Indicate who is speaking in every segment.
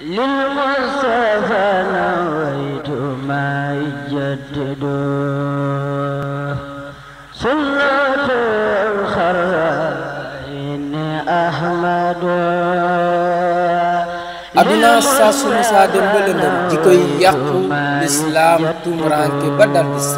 Speaker 1: للمصطفى نويت ما يجدد سنة الخرائن أحمد aduna
Speaker 2: saa su musaa dem ba lëndëm koy yàqu lislaam tumuraanke ba dal di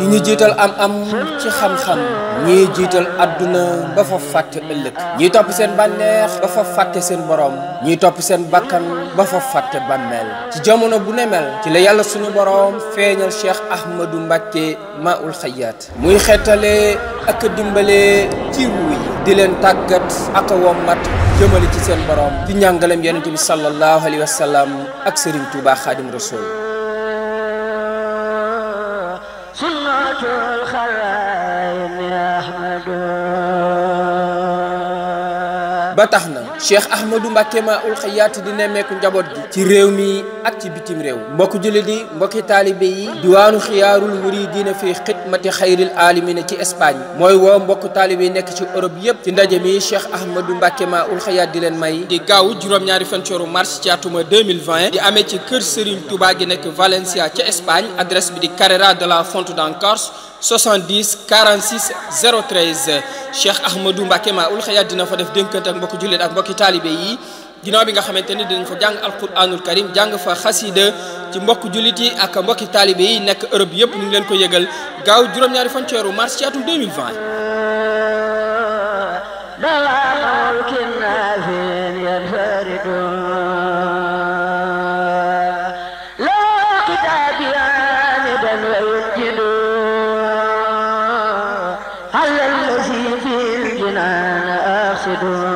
Speaker 2: di ñu jiital am am ci xam-xam ñii jiital adduna ba fa fàtte ëllëg ñii topp seen bànneex ba fa fàtte seen borom ñuy topp seen bakkan ba fa fàtte bàmmeel ci jamono bu nemel ci la yàlla sunu borom feeñal cheikh ahmadou mbàkke maul xayaat muy xettalee ak dimbale ci wuuy di leen tàggat ak a wommat jëmale ci seen borom ci njàngaleem yonent bi sallallahu alayhi wa sallam ak Serigne Touba Khadim Rasoul ba tax na Cheikh Ahmadou Mbacké Maa-ul Hayaat di nemmeeku njaboot gi ci réew mi ak ci bitim réew mbokki jullit yi mbokki taalibe yi diwaanu xiyaarul muridiina fi xidmati xayril aalamina ci Espagne mooy woo mbokk taalibe yi nekk ci Europe yépp ci ndaje mi Cheikh Ahmadou Mbacké Maa-ul Hayaat di leen may di gaaw juróom-ñaari fan cooru mars ci atuma 2020 di amee ci kër Serigne Touba gi nekk Valencia ca Espagne adresse bi di Carrera de la Font d'en Corse 70 46 013 Cheikh Ahmadou Mbacke Maoul Hayaat dina fa def dénkante ak mbokki jullit ak mbokki taalibe yi ginnaaw bi nga xamante ni dinañ fa jàng alquranul karim jàng fa xasida ci mbokk jullit yi ak mbokki taalibe yi nekk Europe yëpp ñu ngi leen ko yëgal gaaw juróom-ñaari fan weeru mars ci atum
Speaker 1: أنا آخذ